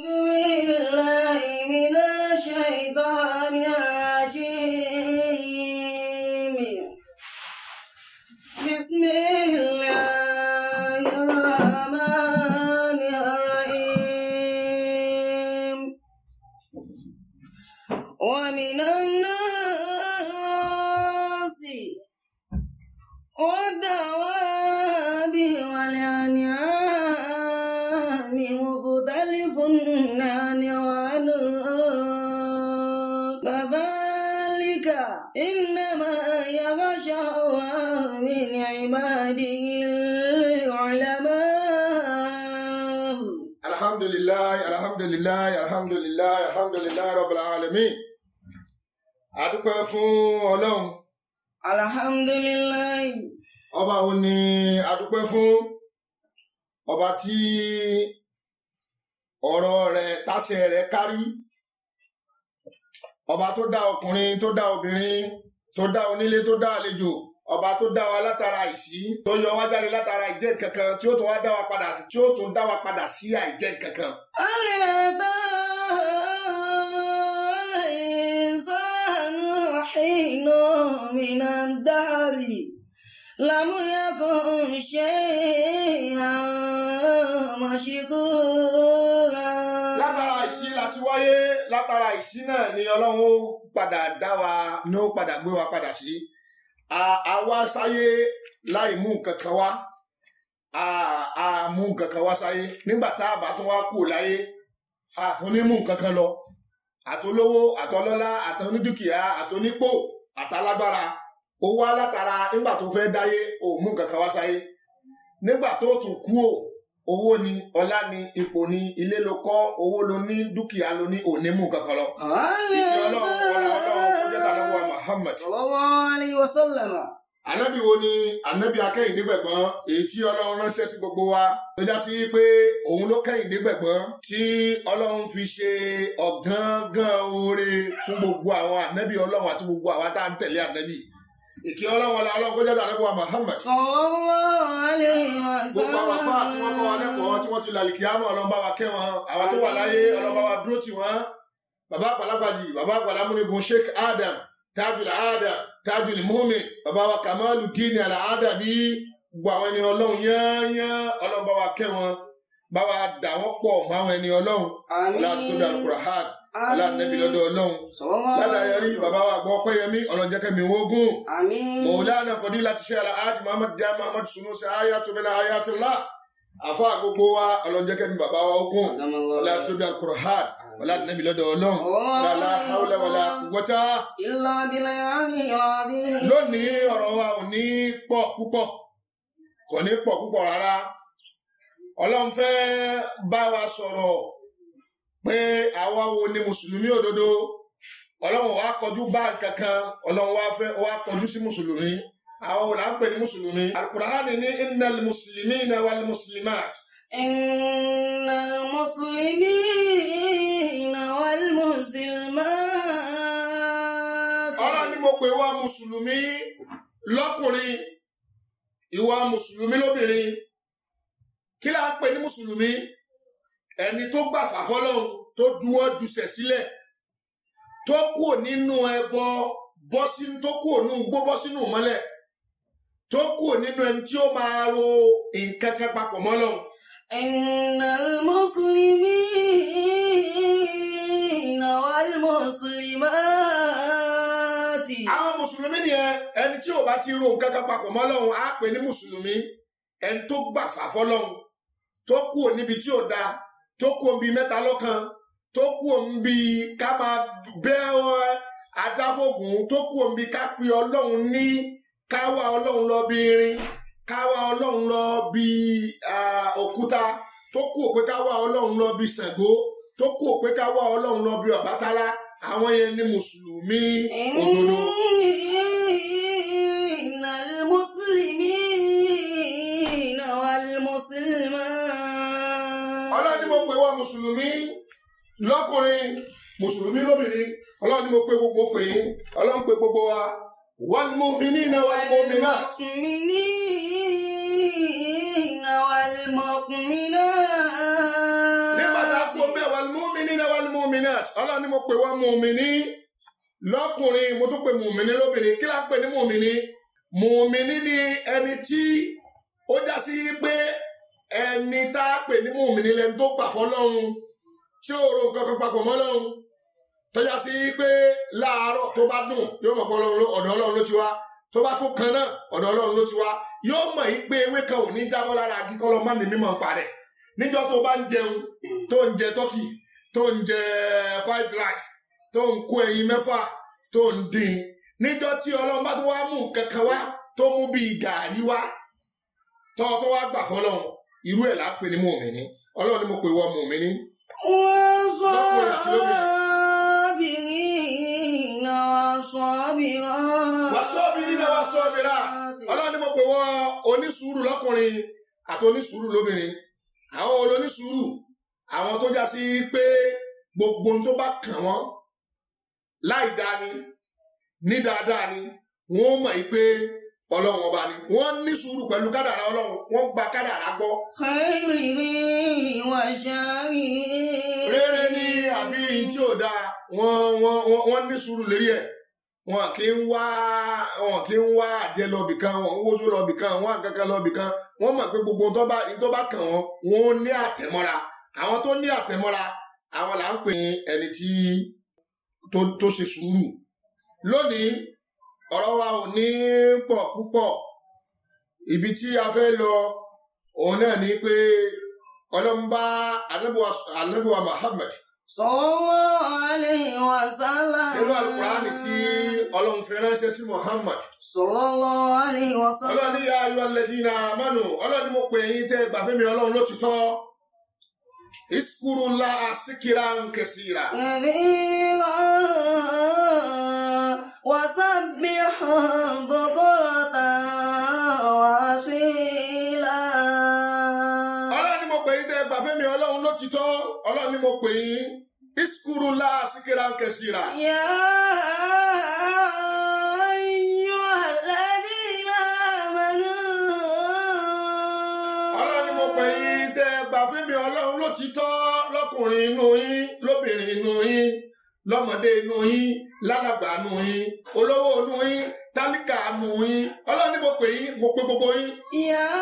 Ooh. alhamdulilayi alhamdulilayi alhamdulilayi alhamdulilayi rabbil alamin adúpẹ́ fún ọlọ́run. alhamdulilayi. ọba wo ni adúpẹ́ fún ọba tí ọ̀rọ̀ rẹ̀ tàṣẹ rẹ̀ kárí ọba tó dá ọkùnrin tó dá obìnrin tó dá onílé tó dá àlejò ọba tó dá wa látara àìsí tó yọ wá jáde látara ìjẹ́ kankan tí ó tún wá dá wa padà tí ó tún dá wa padà sí àìjẹ́ kankan. a lè bá الإنسان حين من الدهر لم يكن شيئا مشكورا. látara àìsí láti wáyé látara àìsí náà ni ọlọ́run ó padà dá wa ni ó padà gbé wa padà sí. àwa sáyé láì mú nǹkan kan wá a mú nǹkan kan wá sáyé nígbà tá a bá tún wá kú láyé a mú nǹkan kan lọ àtolówó àtọlọ́lá àtọnídùkìá àtonípò àtàlágbára ó wá látara nígbà tó fẹ́ dáyé ò nǹkan kan wá sáyé nígbà ni ọlá ni ipò ni ilé lo kọ́ owó ní dúkìá ní òní Muhammad. sallallahu alayhi wa wo ni ànábì akẹ́yìndé gbẹ̀gbọ́n èyí Ọlọ́run ránṣẹ́ sí gbogbo wa tó já sí pé òun ló kẹ́yìndé gbẹ̀gbọ́n tí Ọlọ́run fi ṣe ọ̀gángán oore fún gbogbo àwọn ànábì Ọlọ́run àti gbogbo àwa tá à ń tẹ̀lé ànábì ìkí ọlọ́run ọlá ọlọ́run kó jáde àdébọ̀ Muhammad. sallallahu alaihi gbogbo àwọn afá tí wọ́n kọ́ wa lẹ́kọ̀ọ́ tí wọ́n ti làlìkì àmọ́ ọlọ́run bá wa bàbá àgbàlagbàjì bàbá àgbàlámúnigun Sheikh Adam tájù làádà tájù lèmọ́mì bàbá wa kàmáàlù díìnì àlàádà bí gbogbo àwọn ẹni ọlọ́run yányán ọlọ́run bá wa kẹ́ wọn ni wa dà wọ́n pọ̀ mọ́ àwọn ẹni ọlọ́run aláṣọdà kùràhàd alánàbí lọ́dọ̀ ọlọ́run ládà yẹrí bàbá wogun gbọ́ pé yẹmí ọlọ́njẹ́kẹ́mi ala mọ̀ọ́lánà fọdí láti ṣe àlàájì muhammad jẹ́ muhammad sunusi ayatollah ayatollah àfa àgbogbo wa ọlọ́njẹ́kẹ́mi bàbá wa ogun aláṣọdà kùràhàd wàlá ànábì lọ́dọ̀ ọlọ́run lálá haúlẹ̀ wàlá wọ́tá. ìlà abilẹ̀ àní ìlàdí. lónìí ọ̀rọ̀ wa ò ní pọ̀ púpọ̀ kò ní pọ̀ púpọ̀ rárá ọlọ́run fẹ́ bá wa sọ̀rọ̀ pé àwa wo ni mùsùlùmí òdodo ọlọ́run wa kọjú bá kankan ọlọ́run wa fẹ́ wa kọjú sí mùsùlùmí àwọn wò là ń pè ní mùsùlùmí. alukur'ani ní innal muslimina wal muslimat. إن المسلمين والمسلمات ọlọ́run ni mo pè wá mùsùlùmí lọ́kùnrin ìwà mùsùlùmí lóbìnrin kí la ń pè ní mùsùlùmí ẹni tó gbà fàfọ́lọ́hún tó juwọ́ jùsẹ̀ sílẹ̀ tó kúrò nínú ẹbọ bọ́ tó kúrò nínú gbó bọ́ sínú mọ́lẹ̀ tó kúrò nínú ẹni tí ó máa ro nǹkan kan papọ̀ mọ́lọ́hún إن المسلمين والمسلمات àwọn mùsùlùmí nìyẹn ẹni tí ò bá ti ro nǹkan papọ̀ mọ́ lọ́hùn á pè ní mùsùlùmí ẹni tó gbà fà fọ́lọ́hùn tó kú níbi tí ò da tó kú òun mẹ́ta lọ́kan tó kú òun ká máa bẹ́ adáfógún tó kú òun ká pe ọlọ́run ní ká wá ọlọ́run lọ bí irin káwá ọlọ́run lọ bí òkúta tó kù pé káwá ọlọ́run lọ bí Ṣàngó tó kù pé káwá ọlọ́run lọ bí Ọbàtálá àwọn yẹn ni mùsùlùmí òdodo. wal muslimat. ọlọ́run ni mo pè wá mùsùlùmí lọ́kùnrin mùsùlùmí lóbìnrin ọlọ́run ni mo pè gbogbo pè é ọlọ́run pè gbogbo wa. والمؤمنين والمؤمنات المؤمنين والمؤمنات nígbà tá a kó bẹ́ẹ̀ والمؤمنين والمؤمنات ọlọ́run ni mo pè wọ́n mùmíní lọ́kùnrin mo tún pè mùmíní lóbìnrin kí la pè ní mùmíní mùmíní ni ẹni tí ó já sí pé ẹni tá a pè ní mùmíní tọ́já sí pé láàárọ̀ tó bá dùn yóò mọ̀ pé ọ̀dọ̀ ọlọ́run ló ti wá tó bá tó kan náà ọ̀dọ̀ ọlọ́run ló ti wá yóò mọ̀ yí pé ewé kan ò ní jábọ́ lára akíkọ́lọ́ má ní mímọ̀ pa níjọ́ tó bá ń jẹun tó ń jẹ tọ́kì tó ń jẹ fried rice tó ń kó ẹyin mẹ́fà tó ń dín níjọ́ tí ọlọ́run bá tó wá mú kankan wá tó mú bíi gàárì wá tọ́ tó wá gbà fọlọ́run irú ẹ̀ lápè ní mùmíní ọlọ́run ni mo pè wọ́n mùmíní. wọ́n sọ ọ́ wàsọ́bìrínà wàsọ́bìrà ọlọ́ni mo pè wọ́n onísùúrù lọ́kùnrin àti onísùúrù lóbìnrin àwọn olónísùúrù àwọn tó já pé gbogbo tó bá kàn wọ́n láì dáa ní dáadáa ni wọ́n mọ̀ yìí pé ọlọ́run ọba ni wọ́n ní sùúrù pẹ̀lú kádàrá ọlọ́run wọ́n gba kádàrá gbọ́. kẹ́rìnrì ìwà ṣáàrì. rere ni àbí tí ò dáa wọ́n wọ́n wọ́n ní sùúrù lérí ẹ̀ e wọn kì í wá wọn kì í wá àjẹ lọbì kan wọn ń wójú lọbì kan wọn àkankan lọbì kan wọn mọ̀ pé gbogbo tó bá tó bá kàn wọn wọn ò ní àtẹ̀mọ́ra àwọn tó ní àtẹ̀mọ́ra àwọn là ń pè ní ẹni tí tó tó ṣe sùúrù lónìí ọ̀rọ̀ wa ò ní pọ̀ púpọ̀ ibi tí a fẹ́ lọ òun náà ni pé ọlọmọba anabiwa Muhammad sallallahu alayhi wa sallam. nínú àlùkùránì tí ọlọ́run fi ránṣẹ́ sí muhammad. sallallahu alayhi wa sallam. ọlọ́ni ya ayyuha alladhina ọlọ́ni mo pè yín tẹ́ gbàfẹ́mi ọlọ́run ló ti tọ́. ẹgbà fẹ́mi ọlọ́run ló ti tọ́ ọlọ́run ni mo pè yín iskuru la sikira ń kẹsì rà. ọlọ́run ni mo pè yín tẹ́ ẹgbà fẹ́mi ọlọ́run ló ti tọ́ lọ́kùnrin inú yín lóbìnrin inú yín lọ́mọdé inú yín lálàgbà inú yín olówó inú yín tálíkà inú yín ọlọ́run ni mo pè yín mo pè gbogbo yín. yàrá.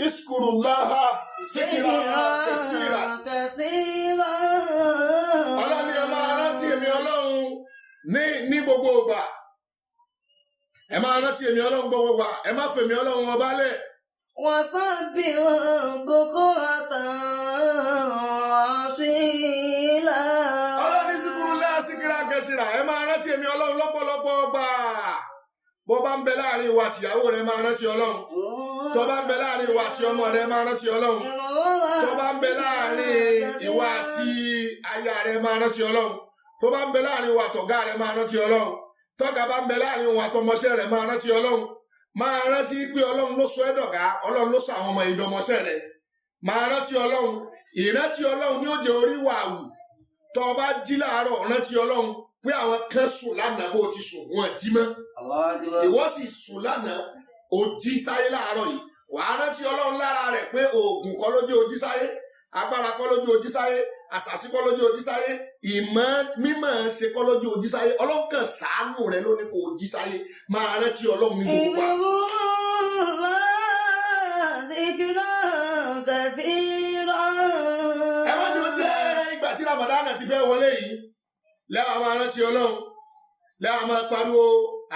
اذكروا الله ذكرا كثيرا ọlọ́ni ẹ máa rántí èmi ọlọ́run ní ní gbogbo ìgbà ẹ máa rántí èmi ọlọ́run gbogbo ìgbà ẹ má fèmi ọlọ́run ọba lẹ̀. wọ́n sábì gbogbo àtàn ọ̀ṣìlá. ọlọ́ni síkúrú lẹ́yà síkírà kẹsìrà ẹ máa rántí èmi ọlọ́run lọ́pọ̀lọpọ̀ ọgbà bó bá ń bẹ láàrin ìwà àtìyàwó rẹ máa rántí ọlọ́run tó bá ń bẹ láàrin ìwà àti ọmọ rẹ máa rántí ọlọ́run tó bá ń bẹ láàrin ìwà àti aya rẹ máa rántí ọlọ́run tó bá ń bẹ láàrin ìwà àtọ̀gá rẹ máa rántí ọlọ́run tọ́gá bá ń bẹ láàrin ìwà àtọmọṣẹ́ rẹ máa rántí ọlọ́run máa rántí pé ọlọ́run ló sọ ẹ́ dọ̀gá ọlọ́run ló sọ àwọn ọmọ ìdọmọṣẹ́ rẹ máa rántí ọlọ́run ìrántí ọlọ́run ní òjò orí wàhù tó o jí láàárọ̀ rántí ọlọ́run pé àwọn kan sùn lánàá bó ti sùn wọn jí mọ́ ìwọ sì sùn lánàá ó jí sáyé láàárọ̀ yìí wàá rántí ọlọ́run lára rẹ̀ pé oògùn kọ́ ló jẹ́ ó jí sáyé agbára kọ́ ló jẹ́ ó jí sáyé àṣàṣì kọ́ ló jẹ́ ó jí sáyé ìmọ̀ mímọ̀ ṣe kọ́ ló jẹ́ ó jí sáyé ọlọ́run kan ṣàánú rẹ̀ ló ní kó jí sáyé máa rántí ọlọ́run ní gbogbo wa. ẹ má jò jẹ́ ìgbà tí ramadana ti fẹ́ wọlé yìí lẹ́wọ̀n máa rántí ọlọ́run lẹ́wọ̀n máa pariwo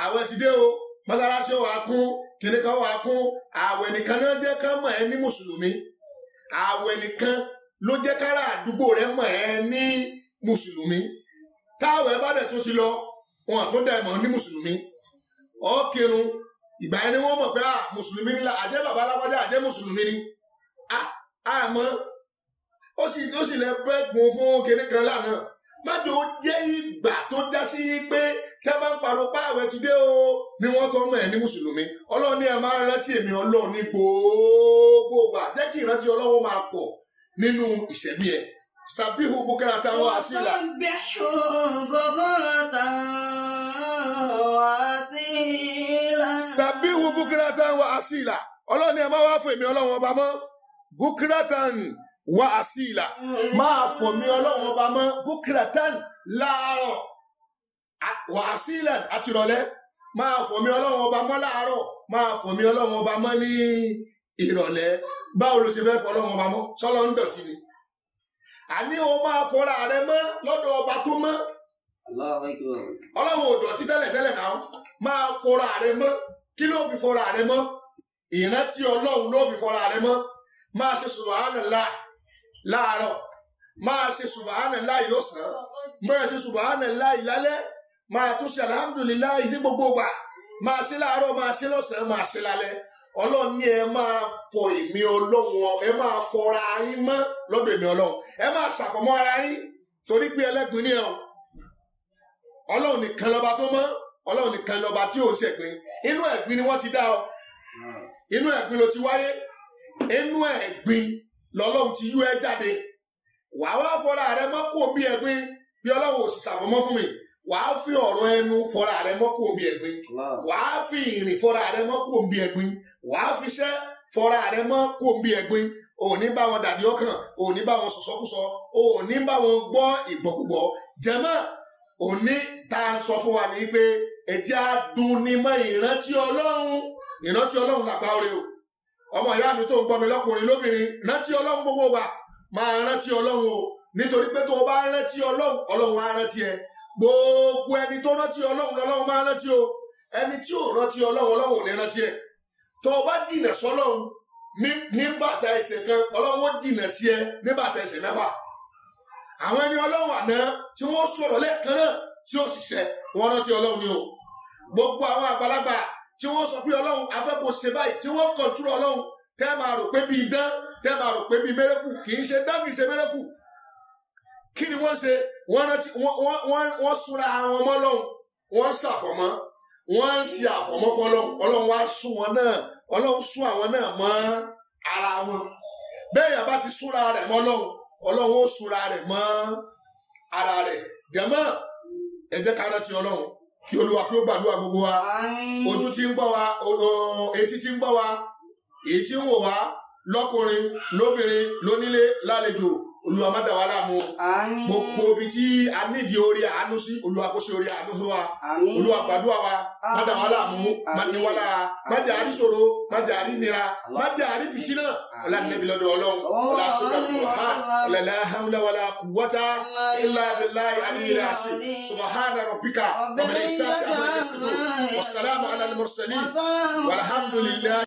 àwọn ẹ̀sìn o mọ́sálásí ò kún kíní kan wà kún ààwẹ̀ nìkan náà jẹ́ ká mọ̀ ẹ́ ní mùsùlùmí ààwẹ̀ nìkan lo, jẹ́ kára àdúgbò rẹ mọ̀ ẹ́ ní mùsùlùmí táwẹ̀ bá dẹ̀ tún ti lọ wọn àtún dẹ̀ mọ̀ ní mùsùlùmí ó kírun ìgbà yẹn ni wọ́n mọ̀ pé à ah, mùsùlùmí ni àjẹ́ bàbá alágbájá àjẹ́ mùsùlùmí ni à àmọ́ ó sì lẹ bẹ́ẹ̀ gun fún kíní kan lánàá májò ó jẹ́ ìgbà tó já sí pé tẹ́ bá ń parọ́ pa àwẹ̀ ti dé o ni wọ́n tọ́ ọmọ ẹ̀ ní mùsùlùmí ọlọ́run ní ẹ máa rántí èmi ọlọ́run ní gbogbo wa jẹ́ kí ìrántí ọlọ́run máa pọ̀ nínú ìṣẹ̀mí ẹ̀ sàbíhù bukara tá wọ́n àṣìlá. sàbíhù bukara tá wọ́n àṣìlá. sàbíhù bukara tá wọ́n àṣìlá ọlọ́run ní ẹ máa wá fún èmi ọlọ́run ọba mọ́ bukara wá àsìlà máa fòmí ọlọ́run ọba mọ́ bukratan láàárọ̀ wá àsìlà àti ìrọ̀lẹ́ máa fòmí ọlọ́run ọba mọ́ láàárọ̀ máa fòmí ọlọ́run ọba mọ́ ní ìrọ̀lẹ́ báwo ló ṣe fẹ́ fọ ọlọ́run ọba mọ́ sọ́lọ́ ń dọ̀tí ni àní o máa fọra rẹ mọ́ lọ́dọ̀ ọba tó mọ́ ọlọ́run ò dọ̀tí tẹ́lẹ̀tẹ́lẹ̀ náà máa fọra rẹ mọ́ kí ló fi fọra rẹ mọ́ ìrántí ọlọ́run ló fi fọra rẹ mọ́ máa ṣe subhanallah láàárọ̀ máa ṣe subahana láì lọ́sàn-án máa ṣe subahana láì lálẹ́ máa tún ṣe alhamdulilayi ní gbogbo wa máa ṣe láàárọ̀ máa ṣe lọ́sàn-án máa ṣe lálẹ́ ọlọ́run ní ẹ máa fọ èmi ọlọ́run ẹ máa fọra yín mọ́ lọ́dọ̀ èmi ọlọ́run ẹ máa ṣàfọ̀mọ́ ara yín torí pé ẹlẹ́gbin ní ẹ o ọlọ́run nìkan lọ́ba tó mọ́ ọlọ́run nìkan lọ́ba tí ò ń ṣẹ̀gbin inú ẹ̀gbin ni wọ́n ti dá ọ inú ẹ̀gbin ló ti wáyé inú ẹ̀gbin lọ́lọ́run ti yú ẹ jáde wàá wá fọ́ra rẹ mọ́kù òbí ẹ̀gbin bí ọlọ́run ò sì ṣàfọ̀mọ́ fún mi wàá fi ọ̀rọ̀ ẹnu fọ́ra rẹ mọ́kù òbí ẹ̀gbin wàá fi ìrìn fọ́ra rẹ mọ́kù òbí ẹ̀gbin wàá fi iṣẹ́ fọ́ra rẹ mọ́kù òbí ẹ̀gbin òní bá wọn dàbí ọkàn òní bá wọn sọ̀sọ́kùsọ òní bá wọn gbọ́ ìgbọ́kúgbọ́ jẹ́mọ́ òní tá a sọ fún wa ní pé ẹ̀jẹ̀ adùn ni mọ́ ìrántí ọlọ́run ìrántí ọlọ́run làgbá orí o ọmọ ìyá mi tó ń gbọ́ mi lọ́kùnrin lóbìnrin rántí ọlọ́run gbogbo wa máa rántí ọlọ́run o nítorí pé tó o bá rántí ọlọ́run ọlọ́run á rántí ẹ gbogbo ẹni tó rántí ọlọ́run ọlọ́run máa rántí o ẹni tí ò rántí ọlọ́run ọlọ́run ò ní rántí tó o bá dìnà sọlọ́run ní bàtà ẹsẹ̀ kan ọlọ́run ó dìnà sí ẹ ní bàtà ẹsẹ̀ mẹ́fà àwọn ẹni ọlọ́run àná tí wọ́n sọ̀rọ̀ náà tí wọ́n sọ pé ọlọ́run afẹ́ kò ṣe báyìí tí wọ́n kọ̀ntúrò ọlọ́run tẹ́ máa rò pé bíi dán tẹ́ máa rò pé bíi mẹ́rẹ́kù kì í ṣe dán kì í ṣe mẹ́rẹ́kù kí ni wọ́n ṣe wọ́n rántí wọ́n súnra àwọn ọmọ ọlọ́run wọ́n ń ṣàfọ̀mọ́ wọ́n ń ṣe àfọ̀mọ́ fọlọ́run ọlọ́run wá sún wọn náà ọlọ́run sún àwọn náà mọ́ ara wọn bẹ́ẹ̀ yà bá ti súnra rẹ̀ mọ́ ọlọ́run ọlọ́run ó súnra rẹ̀ mọ́ ara rẹ̀ jẹ́mọ́ ẹ jẹ́ ká rántí ọlọ́run kí olúwa kí ó gbàdúrà gbogbo wa ojú tí ń gbọ́ wa etí tí ń gbọ́ wa èyí tí ń wò wá lọ́kùnrin lóbìnrin lónílé lálejò olúwa má dà wá láàmú gbogbo ibi tí a nídìí orí àánú sí olúwa kó ṣe orí àánú fún wa olúwa gbàdúrà wa má dà wá láàmú má ní wá lára má jẹ́ àrí ṣòro má jẹ́ àrí nira má jẹ́ àrí fìtínà ọlá nẹbi lọ́dọ̀ Ọlọ́run ọlá sọgbà fúnra ọlá làhàmúlà wàlà kùwọta ilà bìlà àdìyẹ àṣì subahana rabbika ọmọdé sáà tí a máa ń sèlú wasalaamu ala al-mursalin walhamdulilayi.